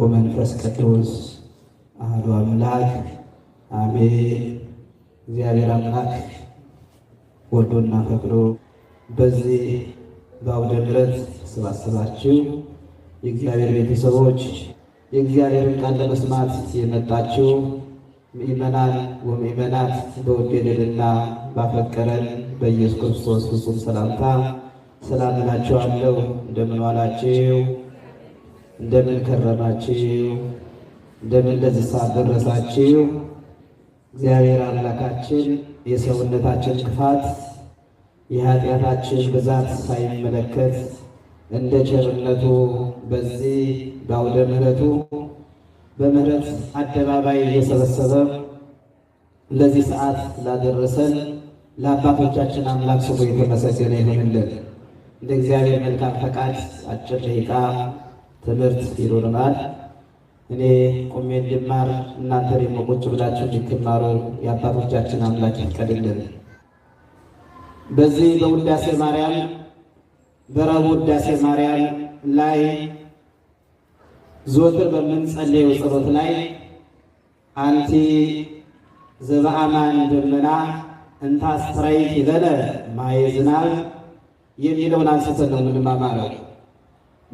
ወመንፈስ ቅዱስ አሐዱ አምላክ አሜን። እግዚአብሔር አምላክ ወዶና ፈቅዶ በዚህ በአውደ ምሕረት ተሰባሰባችሁ የእግዚአብሔር ቤተሰቦች የእግዚአብሔርን ቃል ለመስማት የመጣችው ምእመናን ወምእመናት በወደደንና ባፈቀረን በኢየሱስ ክርስቶስ ፍጹም ሰላምታ ሰላም እላችኋለሁ። እንደምን ዋላችሁ? እንደምን ከረማችሁ? እንደምን ለዚህ ሰዓት ደረሳችሁ? እግዚአብሔር አምላካችን የሰውነታችን ክፋት የኃጢአታችን ብዛት ሳይመለከት እንደ ቸርነቱ በዚህ በአውደ ምሕረቱ በምሕረት አደባባይ እየሰበሰበ ለዚህ ሰዓት ላደረሰን ለአባቶቻችን አምላክ ስሙ የተመሰገነ ይሁንልን። እንደ እግዚአብሔር መልካም ፈቃድ አጭር ደቂቃ ትምህርት ይኖረናል። እኔ ቁሜ እንድማር እናንተ ደግሞ ቁጭ ብላችሁ እንድትማሩ የአባቶቻችን አምላክ ይፍቀድልን። በዚህ በውዳሴ ማርያም በረቡዕ ውዳሴ ማርያም ላይ ዘወትር በምንጸልየው ጸሎት ላይ አንቲ ዘበአማን ደመና እንታስተራይ ይዘለ ማየ ዝናብ የሚለውን አንስተን ነው ምንማማረው።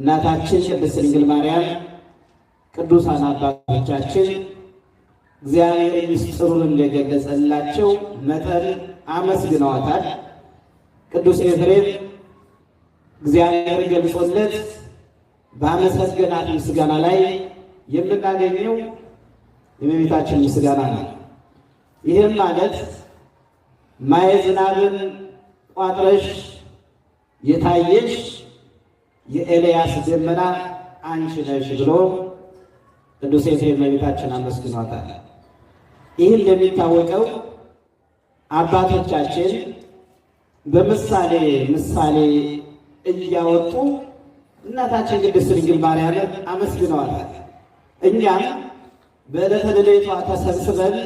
እናታችን ቅድስት ድንግል ማርያም፣ ቅዱሳን አባቶቻችን እግዚአብሔር ምስጢሩን እንደገለጸላቸው መጠን አመስግነዋታል። ቅዱስ ኤፍሬም እግዚአብሔር ገልጾለት በአመሰገናት ምስጋና ላይ የምናገኘው የእመቤታችን ምስጋና ነው። ይህም ማለት ማየ ዝናብን ቋጥረሽ የታየሽ የኤልያስ ደመና አንቺ ነሽ ብሎ ቅዱስ ኤፍሬም አመስግኗታል። ይህ እንደሚታወቀው አባቶቻችን በምሳሌ ምሳሌ እያወጡ እናታችን ቅድስት ድንግል ማርያምን አመስግነዋታል። እኛም በዕለተ ልደቷ ተሰብስበን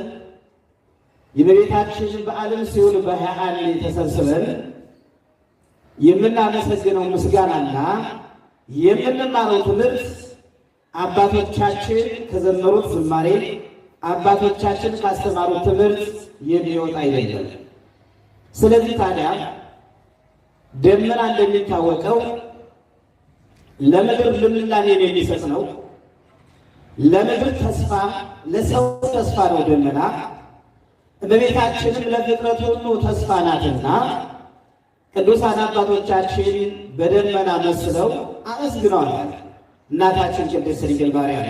የእመቤታችንን በዓለም ሲሆን በሃያ አንድ ተሰብስበን የምናመሰግነው ምስጋናና የምንማረው ትምህርት አባቶቻችን ከዘመሩት ዝማሬ አባቶቻችን ካስተማሩት ትምህርት የሚወጣ አይደለም። ስለዚህ ታዲያ ደመና እንደሚታወቀው ለምድር ልምላሜን የሚሰጥ ነው። ለምድር ተስፋ፣ ለሰው ተስፋ ነው ደመና። እመቤታችንም ለፍጥረት ሁሉ ተስፋ ናትና ቅዱሳን አባቶቻችን በደመና መስለው አመስግነዋል እናታችን ቅድስት ድንግል ማርያም።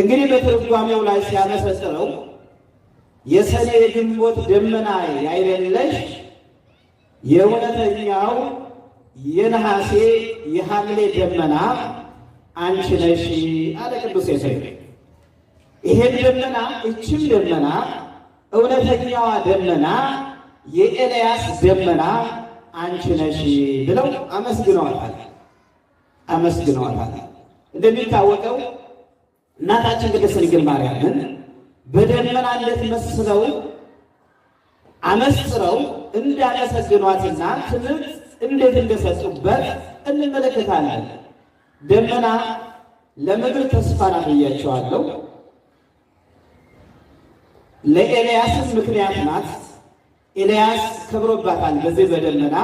እንግዲህ በትርጓሜው ላይ ሲያመሰጥረው የሰኔ የግንቦት ደመና ያይለለሽ የእውነተኛው የነሐሴ የሐምሌ ደመና አንቺ ነሽ አለ ቅዱስ ዮሴፍ። ይሄን ደመና እችም ደመና እውነተኛዋ ደመና የኤልያስ ደመና አንቺ ነሽ ብለው አመስግነዋታል አመስግነዋታል። እንደሚታወቀው እናታችን ቅድስት ድንግል ማርያምን በደመናነት መስለው አመስጥረው እንዳመሰግኗትና ትምህርት እንዴት እንደሰጡበት እንመለከታለን። ደመና ለምድር ተስፋ ናት ብያቸዋለሁ። ለኤልያስም ምክንያት ናት። ኤልያስ ከብሮባታል። በዚህ በደመና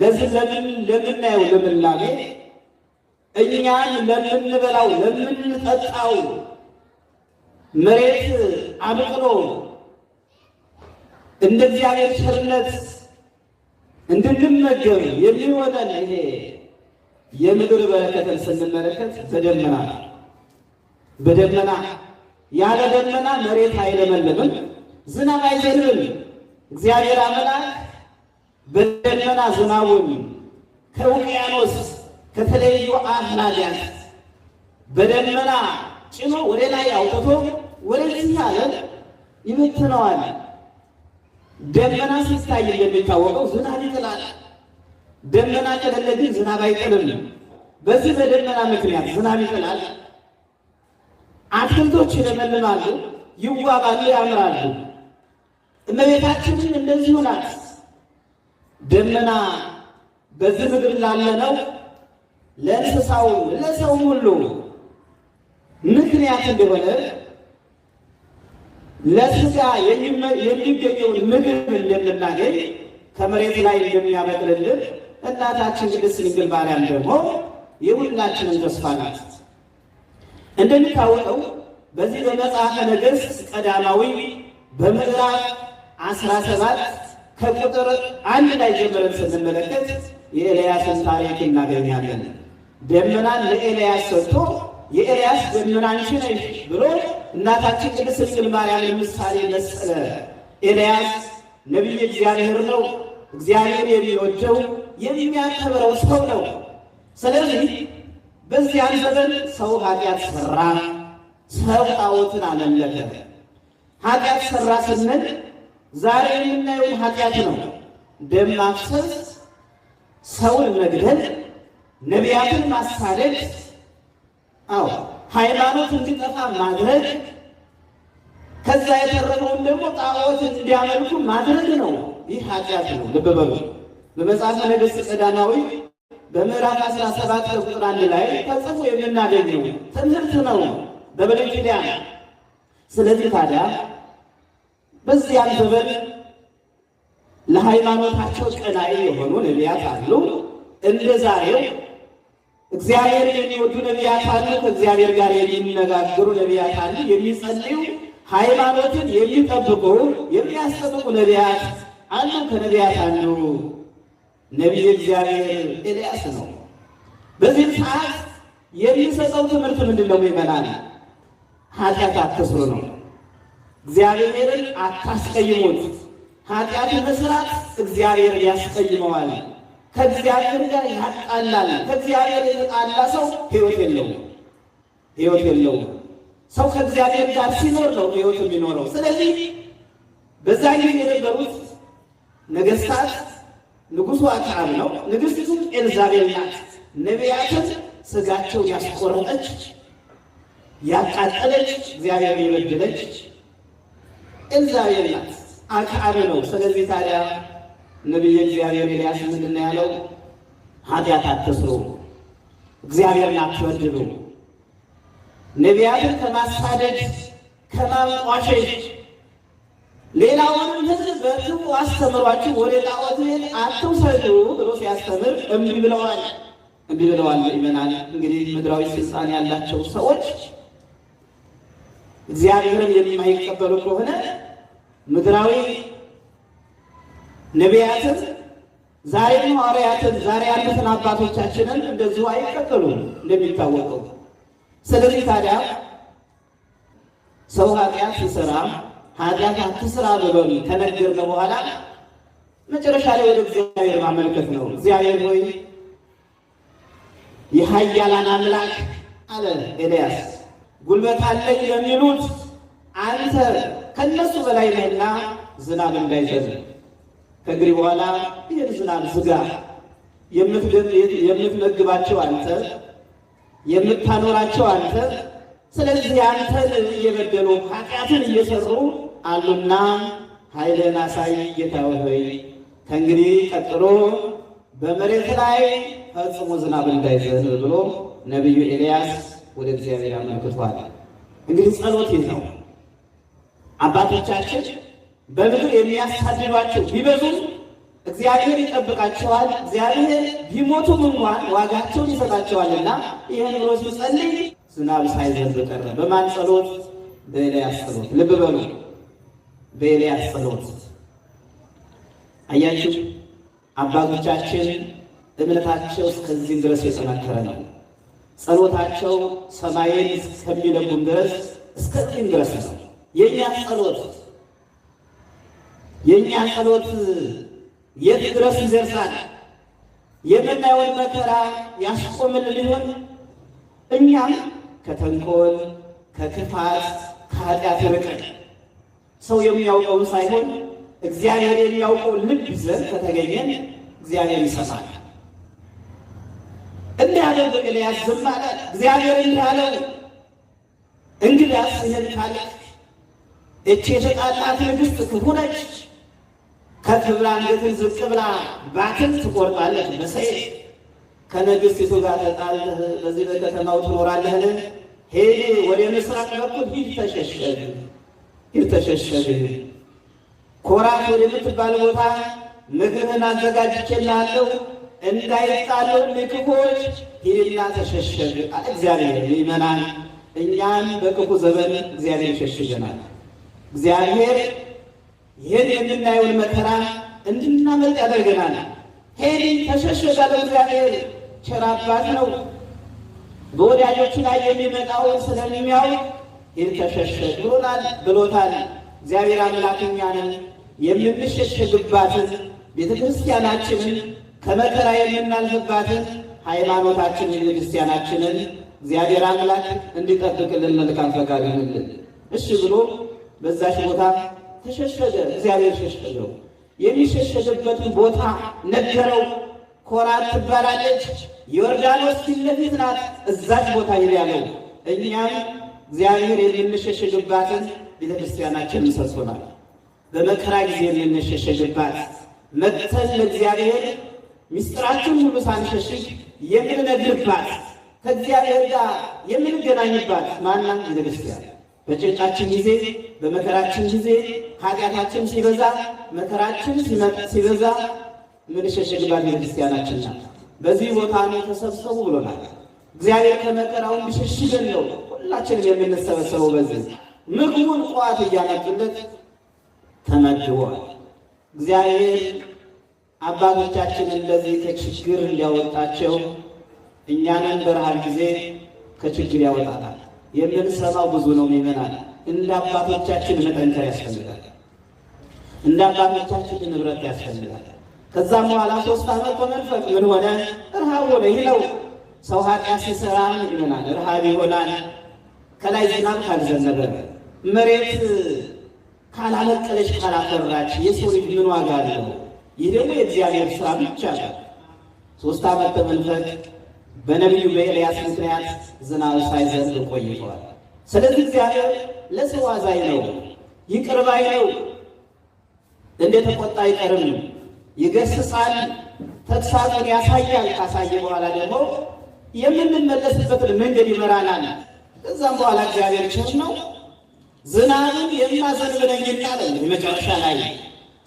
ለዚህ ለምን ለምናየው ልምላሜ እኛን ለምንበላው ለምንጠጣው መሬት አብቅሎ እንደ እግዚአብሔር ቸርነት እንድንመገብ የሚሆነን ይሄ የምድር በረከትን ስንመለከት በደመና በደመና ያለ ደመና መሬት አይለመልምም፣ ዝናብ አይዘንብም። እግዚአብሔር አምላክ በደመና ዝናቡን ከውቅያኖስ ከተለያዩ አህናዲያት በደመና ጭኖ ወደ ላይ አውጥቶ ወደዚህ ዓለም ይበትነዋል። ደመና ሲታይ እንደሚታወቀው ዝናብ ይጥላል። ደመና ከሌለ ዝናብ አይጥልም። በዚህ በደመና ምክንያት ዝናብ ይጥላል። አትክልቶች ይለመልማሉ፣ ይዋባሉ፣ ያምራሉ። እመቤታችንን እንደዚሁ ናት። ደመና በዚህ ምድር ላለነው ለእንስሳው ለሰውም ሁሉ ምክንያት እንደሆነ ለስጋ የሚገኘውን ምግብ እንደምናገኝ ከመሬት ላይ እንደሚያበቅልልን እናታችን ቅድስት ድንግል ማርያም ደግሞ የሁላችንን ተስፋ ናት። እንደሚታወቀው በዚህ በመጽሐፈ ነገሥት ቀዳማዊ በምዕራፍ አስራ ሰባት ከቁጥር አንድ ላይ ጀምረን ስንመለከት የኤልያስን ታሪክ እናገኛለን። ደመናን ለኤልያስ ሰጥቶ የኤልያስ ደመና አንቺ ነሽ ብሎ እናታችን ቅድስት ድንግል ማርያም ምሳሌ መሰለ። ኤልያስ ነቢይ እግዚአብሔር ነው። እግዚአብሔር የሚወደው የሚያከብረው ሰው ነው። ስለዚህ በዚያን ዘመን ሰው ኃጢአት ሰራ፣ ሰው ጣዖትን አመለከ። ኃጢአት ሰራ ስንል ዛሬ የምናየው ኃጢአት ነው። ደም ማፍሰስ፣ ሰውን መግደል፣ ነቢያትን ማሳደድ፣ አዎ ሃይማኖት እንዲጠፋ ማድረግ፣ ከዛ የተረፈውን ደግሞ ጣዖት እንዲያመልኩ ማድረግ ነው። ይህ ኃጢአት ነው። ልብ በሉ። በመጽሐፈ ነገሥት ቀዳማዊ በምዕራፍ 17 ቁጥር አንድ ላይ ተጽፎ የምናገኘው ትምህርት ነው በብሉይ ኪዳን። ስለዚህ ታዲያ በዚያም ዘመን ለሃይማኖታቸው ቀናኢ የሆኑ ነቢያት አሉ። እንደ ዛሬው እግዚአብሔር የሚወዱ ነቢያት አሉ። ከእግዚአብሔር ጋር የሚነጋገሩ ነቢያት አሉ። የሚጸልዩ ሃይማኖትን የሚጠብቁ የሚያስጠብቁ ነቢያት አሉ። ከነቢያት አንዱ ነቢይ እግዚአብሔር ኤልያስ ነው። በዚህ ሰዓት የሚሰጠው ትምህርት ምንድን ነው? ይመናል ኃጢአት አትስሩ ነው። እግዚአብሔርን አታስቀይሙት። ኃጢአት መስራት እግዚአብሔር ያስቀይመዋል፣ ከእግዚአብሔር ጋር ያጣላል። ከእግዚአብሔር የተጣላ ሰው ሕይወት የለውም፣ ሕይወት የለውም። ሰው ከእግዚአብሔር ጋር ሲኖር ነው ሕይወት የሚኖረው። ስለዚህ በዛ ጊዜ የነበሩት ነገስታት ንጉሱ አክዓብ ነው፣ ንግስቱ ኤልዛቤል ናት። ነቢያትን ስጋቸው ያስቆረጠች ያቃጠለች፣ እግዚአብሔር የበደለች እዛ የቤት አካል ነው። ስለዚህ ታዲያ ነቢየ እግዚአብሔር ኤልያስ ምንድን ነው ያለው? ኃጢአት አትስሩ፣ እግዚአብሔርን አትበድሉ። ነቢያትን ከማሳደድ ከማንቋሸሽ፣ ሌላውንም ሕዝብ በትቡ አስተምሯችሁ ወደ ጣዖት አትውሰዱ ብሎ ሲያስተምር እምቢ ብለዋል። እምቢ ብለዋል ይመናል። እንግዲህ ምድራዊ ስልጣን ያላቸው ሰዎች እግዚአብሔርን የማይቀበሉ ከሆነ ምድራዊ ነቢያትን ዛሬም ሐዋርያትን ዛሬ ያሉትን አባቶቻችንን እንደዚሁ አይቀበሉም እንደሚታወቀው። ስለዚህ ታዲያ ሰው ኃጢአት ሲሰራ ኃጢአት አትስራ ብሎን ተነገርን በኋላ መጨረሻ ላይ ወደ እግዚአብሔር ማመልከት ነው። እግዚአብሔር ሆይ የሀያላን አምላክ አለ ኤልያስ ጉልበት አለኝ የሚሉት አንተ ከነሱ በላይ ነህና ዝናብ እንዳይዘንብ ከእንግዲህ በኋላ ይህን ዝናብ ዝጋ። የምትመግባቸው አንተ፣ የምታኖራቸው አንተ። ስለዚህ አንተን እየበደሉ ኃጢአትን እየሰሩ አሉና ኃይልን አሳይ ጌታ ሆይ። ከእንግዲህ ቀጥሎ በመሬት ላይ ፈጽሞ ዝናብ እንዳይዘንብ ብሎ ነቢዩ ኤልያስ ወደ እግዚአብሔር አመልክቷል። እንግዲህ ጸሎት ነው። አባቶቻችን በምድር የሚያሳድዷቸው ቢበዙም እግዚአብሔር ይጠብቃቸዋል። እግዚአብሔር ቢሞቱም እንኳን ዋጋቸውን ይሰጣቸዋልና ይህን ብሎ ሲጸልይ ዝናብ ሳይዘንብ ቀረ። በማን ጸሎት? በኤልያስ ጸሎት። ልብ በሉ፣ በኤልያስ ጸሎት። አያችሁ አባቶቻችን እምነታቸው እስከዚህም ድረስ የጠነከረ ነው። ጸሎታቸው ሰማይን እስከሚለጉም ድረስ እስከዚህም ድረስ ነው የእኛ ጸሎት። የእኛ ጸሎት የት ድረስ ይደርሳል? የምናየውን መከራ ያስቆምል ሊሆን እኛም ከተንኮል፣ ከክፋት፣ ከኃጢአት ርቀን ሰው የሚያውቀውን ሳይሆን እግዚአብሔር የሚያውቀው ልብ ይዘን ከተገኘን እግዚአብሔር ይሰማል። አደረገ ኤልያስ ዝም አለ። እግዚአብሔር እንዲህ አለ፣ እንግዲያስ ይህን ካልክ እቺ የተጣላት ንግሥት ክፉ ነች፣ ከክብር አንገትን ዝቅ ብላ ባትን ትቆርጣለች በሰይፍ ከንግሥቲቱ ጋር ተጣልተህ በዚህ በከተማው ትኖራለህን? ሄድ ወደ ምስራቅ በኩል ሂድ፣ ተሸሸግ ሂድ ተሸሸግ ኮራት ወደምትባል ቦታ ምግብህን አዘጋጅቼልሃለሁ እንዳይጣለው ለክፉዎች ይህና ተሸሸግ እግዚአብሔር። ይመናን እኛን በክፉ ዘመን እግዚአብሔር ይሸሽገናል። እግዚአብሔር ይህን የምናየውን መከራ እንድናመልጥ ያደርገናል። ሄድ ተሸሸጋለ እግዚአብሔር። ቸር አባት ነው። በወዳጆቹ ላይ የሚመጣውን ስለሚያውቅ ይህን ተሸሸግ ብሎናል ብሎታል። እግዚአብሔር አምላክ እኛን የምንሸሸግባትን ቤተክርስቲያናችንን ከመከራ የምናልፍባትን ሃይማኖታችንን ቤተክርስቲያናችንን እግዚአብሔር አምላክ እንዲጠብቅልን መልካም ፈቃድ ይሁንልን። እሺ ብሎ በዛች ቦታ ተሸሸገ። እግዚአብሔር ሸሸገው። የሚሸሸግበትን ቦታ ነገረው። ኮራ ትባላለች፣ ዮርዳኖስ ፊት ለፊት ናት። እዛች ቦታ ይል ያለው እኛም እግዚአብሔር የምንሸሸግባትን ቤተክርስቲያናችን ምሰሶናል። በመከራ ጊዜ የምንሸሸግባት መተን ለእግዚአብሔር ምስጢራችን ሁሉ ሳንሸሽግ የምንነግርባት ከእግዚአብሔር ጋር የምንገናኝባት ማና ቤተክርስቲያን በጭንቃችን ጊዜ በመከራችን ጊዜ ኃጢአታችን ሲበዛ መከራችን ሲበዛ የምንሸሸግባት ቤተክርስቲያናችን ናት። በዚህ ቦታ ነው ተሰብሰቡ ብሎናል እግዚአብሔር። ከመከራው እንዲሸሽገን ነው ሁላችንም የምንሰበሰበው። በዚህ ምግቡን ጠዋት እያነጡለት ተመግቧል እግዚአብሔር አባቶቻችን እንደዚህ ከችግር እንዲያወጣቸው እኛንን በረሃብ ጊዜ ከችግር ያወጣታል። የምንሰማው ብዙ ነው ይመናል። እንደ አባቶቻችን መጠንከር ያስፈልጋል። እንደ አባቶቻችን ንብረት ያስፈልጋል። ከዛም በኋላ ሶስት ዓመት በመንፈቅ ምን ሆነ? ረሃብ ሆነ። ይህ ነው ሰው ኃጢአት ሲሰራ ይመናል፣ ረሃብ ይሆናል። ከላይ ዝናብ ካልዘነበ መሬት ካላበቀለች ካላፈራች የሰው ልጅ ምን ዋጋ አለው? ደግሞ የእግዚአብሔር ስራ ብቻ ነው። ሶስት ዓመት ተመልፈቅ በነቢዩ በኤልያስ ምክንያት ዝናብ ሳይዘንብ ቆይቷል። ስለዚህ እግዚአብሔር ለሰው አዛኝ ነው፣ ይቅር ባይ ነው። እንደ ተቆጣ አይቀርም፣ ይገስሳል፣ ተግሳጹን ያሳያል። ካሳየ በኋላ ደግሞ የምንመለስበትን መንገድ ይመራናል። ከዛም በኋላ እግዚአብሔር ቸር ነው፣ ዝናብን የማዘንብ ነኝና መጨረሻ ላይ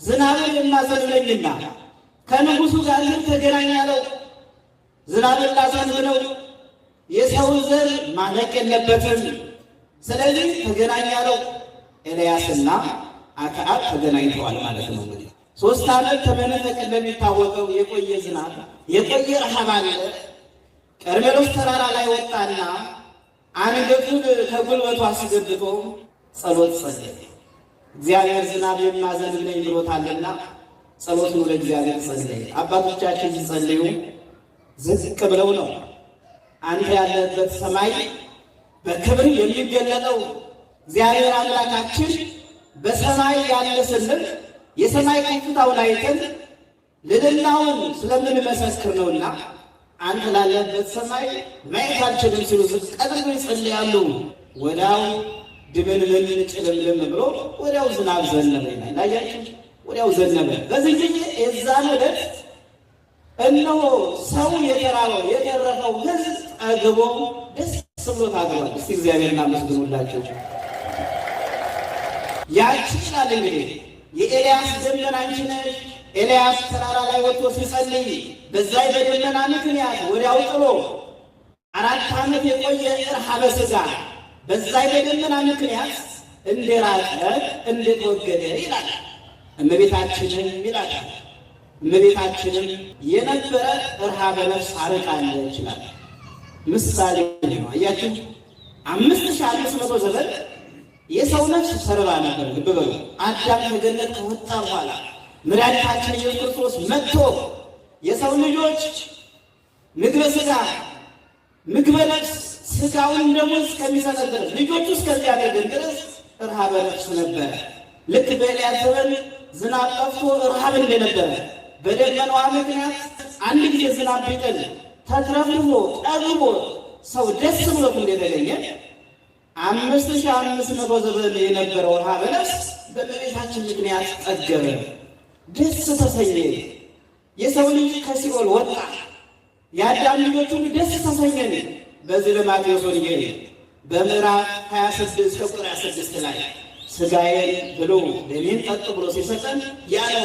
ዝናብን የማዘዝለኝና ከንጉሱ ጋር ግን ተገናኛለው። ዝናብን ላዘንብ ነው። የሰው ዘር ማለቅ የለበትም። ስለዚህ ተገናኛለው። ኤልያስና አክዓብ ተገናኝተዋል ማለት ነው። እንግዲህ ሶስት ዓመት ተመነጠቅ እንደሚታወቀው የቆየ ዝናብ የቆየ ረሃብ አለ። ቀርሜሎስ ተራራ ላይ ወጣና አንገቱን ከጉልበቱ አስገብቶ ጸሎት ጸለየ። እግዚአብሔር ዝናብ የማዘንብ ነኝ ብሎታልና ጸሎት ነው ለእግዚአብሔር አባቶቻችን ሲጸልዩ ዝቅ ብለው ነው። አንተ ያለበት ሰማይ በክብር የሚገለጠው እግዚአብሔር አምላካችን በሰማይ ያለ ስልፍ የሰማይ ከፍታውን አይተን ልድናውን ስለምንመሰክር ነውና አንተ ላለበት ሰማይ ማየት አልችልም ሲሉ ዝቅ አድርገው ይጸልያሉ ወዳው ድብልብል ጭልልም ብሎ ወዲያው ዝናብ ዘነበ ይላል። ላያችሁ ወዲያው ዘነበ። በዚህ ጊዜ የዛን ዕለት እነሆ ሰው የተራበው የተረፈው ሕዝብ ጠግቦ ደስ ብሎት አድሯል። እስቲ እግዚአብሔር እናመስግኑላቸው። ያቺ ይላል እንግዲህ የኤልያስ ደመና አንቺ ነሽ። ኤልያስ ተራራ ላይ ወጥቶ ሲጸልይ በዛ በደመና ምክንያት ወዲያው ጥሎ አራት ዓመት የቆየ እርሃበ ሥጋ በዛ የደመና ምክንያት እንደራቀ እንደተወገደ ይላል። እመቤታችንም ይላል እመቤታችንም የነበረ እርሃበ ነፍስ አረቃለ ይችላል። ምሳሌ ነው። አያችሁ አምስት ሺህ አምስት መቶ ዘመን የሰው ነፍስ ሰርባ ነበር። ልብ በሉ። አዳም ከገነት ከወጣ በኋላ መድኃኒታችን ኢየሱስ ክርስቶስ መጥቶ የሰው ልጆች ምግበ ስጋ ምግበ ነፍስ ስጋውን ደግሞ እስከሚሰጠን ድረስ ልጆቹ እስከሚያደርገን ድረስ ረሃበ ነፍስ ነበረ። ልክ በኤልያስ ዘመን ዝናብ ጠፍቶ ረሃብ እንደነበረ በደመናዋ ምክንያት አንድ ጊዜ ዝናብ ቢጠል ተትረፍርፎ ጠግቦ ሰው ደስ ብሎት እንደተገኘ አምስት ሺህ አምስት መቶ ዘመን የነበረው ረሃበ ነፍስ በእመቤታችን ምክንያት ጠገበ፣ ደስ ተሰኘ። የሰው ልጅ ከሲኦል ወጣ። የአዳም ልጆች ደስ ተሰኘን። በዚህ ለማቴዎስ ወንጌል በምዕራፍ 26 ቁጥር 26 ላይ ስጋዬን ብሎ ደሜን ጠጡ ብሎ ሲሰጠን ያለ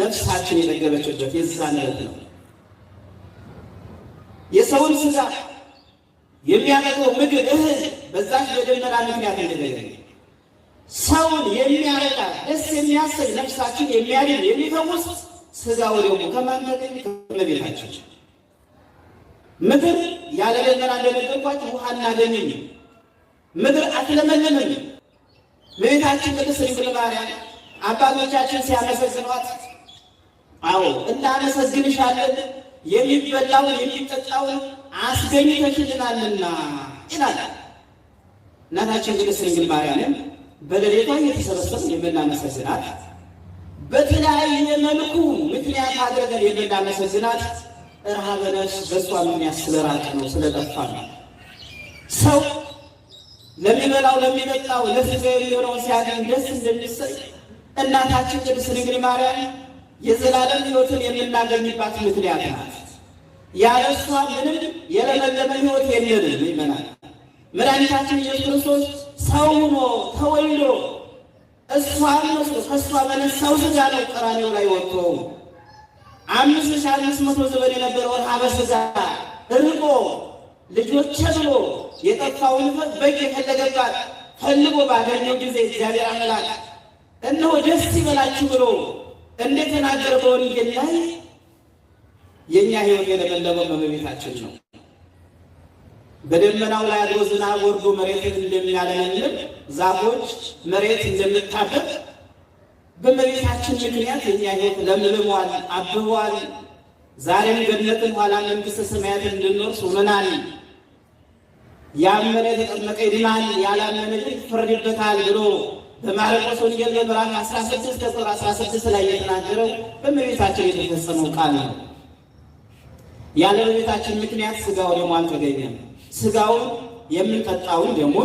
ነፍሳችን የነገበችበት የዛ ዕለት ነው። የሰውን ስጋ የሚያረገው ምግብ እህል በዛች በደመና ምክንያት እንደተገኘ ሰውን የሚያረጋ ደስ የሚያሰኝ ነፍሳችን የሚያድን የሚፈውስ ስጋው ደግሞ ከማን ተገኘ? ከእመቤታችን ምድር ያለ በገና እንደነገርኳችሁ ውሃ እናገኘኝ። ምድር አትለመለመኝ። ቤታችን ቅድስት ድንግል ማርያም አባቶቻችን ሲያመሰግኗት፣ አዎ እናመሰግንሻለን የሚበላውን የሚጠጣውን አስገኝተሽልናልና ይላል። እናታችን ቅድስት ድንግል ማርያምም በሌሊቷ እየተሰበሰብን የምናመሰግናት በተለያየ መልኩ ምክንያት አድርገን የምናመሰግናት ረሃበ ነፍስ በእሷ ምክንያት ስለራቀ ነው፣ ስለጠፋ ነው። ሰው ለሚበላው ለሚጠጣው ለስጋ የሚሆነውን ሲያገኝ ደስ እንደሚሰጥ እናታችን ቅድስት ድንግል ማርያም የዘላለም ሕይወትን የምናገኝባት ምክንያት ናት። ያለ እሷ ምንም የለመለመ ሕይወት የለንም ይመናል። መድኃኒታችን ኢየሱስ ክርስቶስ ሰው ሆኖ ተወልዶ እሷን መስሎ ከእሷ በነሳው ስጋ ነው ቀራንዮ ላይ ወጥቶ አምስት ሺህ አምስት መቶ ዘመን የነበረ የነበረውን አበስዛ ርቆ ልጆቼ ብሎ የጠፋውን በግ የፈለገባት ፈልጎ ባገኘው ጊዜ እግዚአብሔር አምላክ እነሆ ደስ ይበላችሁ ብሎ እንደተናገረ በወንጌል ላይ የእኛ ህይወት የለመለመው መመቤታችን ነው። በደመናው ላይ አድሮ ዝናብ ወርዶ መሬትን እንደሚያለመልም ዛፎች መሬት እንደምታበብ በመቤታችን ምክንያት የኛ ሕይወት ለምልሟል፣ አብቧል። ዛሬም ገነትን ኋላ መንግሥተ ሰማያት እንድኖር ሱመናል። ያመነ የተጠመቀ ይድናል፣ ያላመነ ግን ይፈረድበታል ብሎ በማርቆስ ወንጌል ምዕራፍ 16 ቁጥር 16 ላይ የተናገረው በእመቤታችን የተፈጸመው ቃል ነው። ያለ እመቤታችን ምክንያት ስጋው ደግሞ አልተገኘም። ስጋውን የምንጠጣውን ደግሞ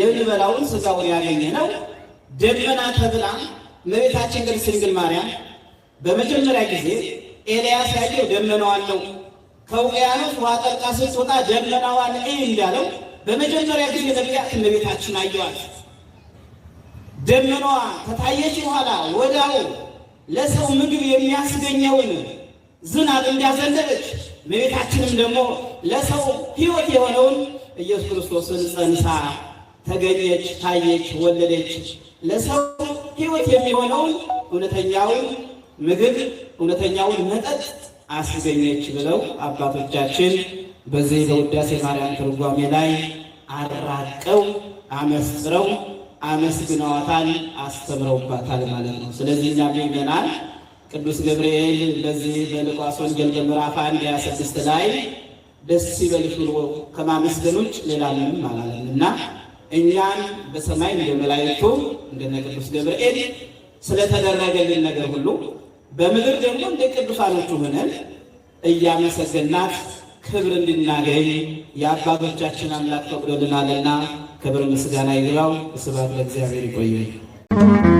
የምንበላውን ስጋውን ያገኘ ነው። ደመና ተብላ እመቤታችን ቅድስት ድንግል ማርያም በመጀመሪያ ጊዜ ኤልያስ ያየው ደመናዋን ነው። ከውቅያኖስ ውሃ ጠልቃ ስትወጣ ደመናዋን እይ እንዳለው በመጀመሪያ ጊዜ ነቢያት እመቤታችን አየዋል። ደመናዋ ከታየች በኋላ ወዳው ለሰው ምግብ የሚያስገኘውን ዝናብ እንዳዘነበች እመቤታችንም ደግሞ ለሰው ሕይወት የሆነውን ኢየሱስ ክርስቶስን ጸንሳ ተገኘች፣ ታየች፣ ወለደች ለሰው ህይወት የሚሆነውን እውነተኛውን ምግብ እውነተኛውን መጠጥ አስገኘች ብለው አባቶቻችን በዚህ በውዳሴ ማርያም ትርጓሜ ላይ አራቀው አመስጥረው አመስግነዋታል፣ አስተምረውባታል ማለት ነው። ስለዚህ እኛ ምእመናን ቅዱስ ገብርኤል በዚህ በሉቃስ ወንጌል ምዕራፍ አንድ ሃያ ስድስት ላይ ደስ ይበልሽ ብሎ ከማመስገን ውጭ ሌላ ምንም አላለም እና እኛን በሰማይ የመላእክቱ እንደነ ቅዱስ ገብርኤል ስለተደረገልን ነገር ሁሉ በምድር ደግሞ እንደ ቅዱሳኖቹ ሆነን እያመሰገናት ክብር እንድናገኝ የአባቶቻችን አምላክ ፈቅዶልናልና ክብር ምስጋና ይግባው። ስብሐት ለእግዚአብሔር። ይቆየ